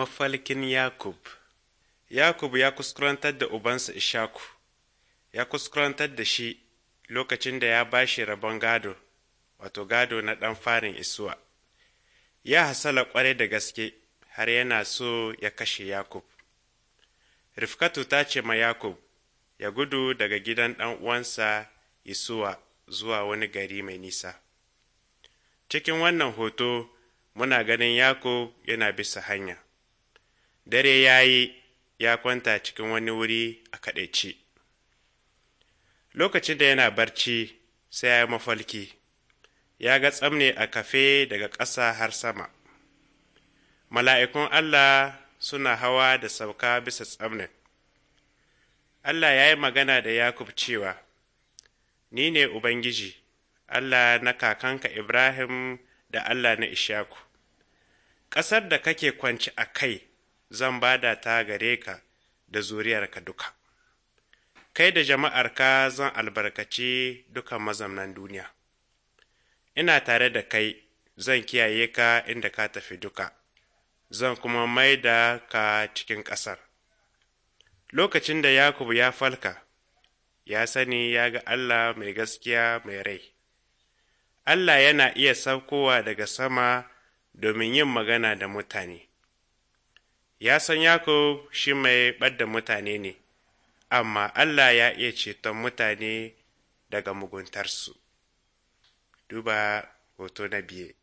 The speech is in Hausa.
Mafalkin Yakub Yakub ya kuskurantar da ubansa Ishaku, ya kuskurantar da shi lokacin da ya bashi rabon gado, wato gado na ɗan farin Isuwa. Ya hasala ƙwarai da gaske har yana so ya kashe Yakub. Rifkatu ta ce ma Yakub ya gudu daga gidan ɗan uwansa Isuwa zuwa wani gari mai nisa. Cikin wannan hoto muna ganin Yakub yana bisa hanya. dare ya yi ya kwanta cikin wani wuri a kaɗaici lokacin da yana barci sai ya yi mafalki ya ga tsamne a kafe daga ƙasa har sama mala'ikun allah suna hawa da sauka bisa tsamnin allah ya yi magana da yakub cewa ni ne ubangiji allah na kakanka ibrahim da allah na ishaku ƙasar da kake kwanci a kai zan bada ta gare ka da zuriyarka duka kai da jama'arka zan albarkaci duka mazamnan duniya ina tare da kai zan kiyaye ka inda ka tafi duka zan kuma maida ka cikin ƙasar lokacin da yakubu ya falka ya sani ya ga allah mai gaskiya mai rai allah yana iya saukowa daga sama domin yin magana da mutane ya san Yakub shi mai ɓadda mutane ne, amma Allah ya iya ceton mutane daga muguntarsu. Duba hoto na biye.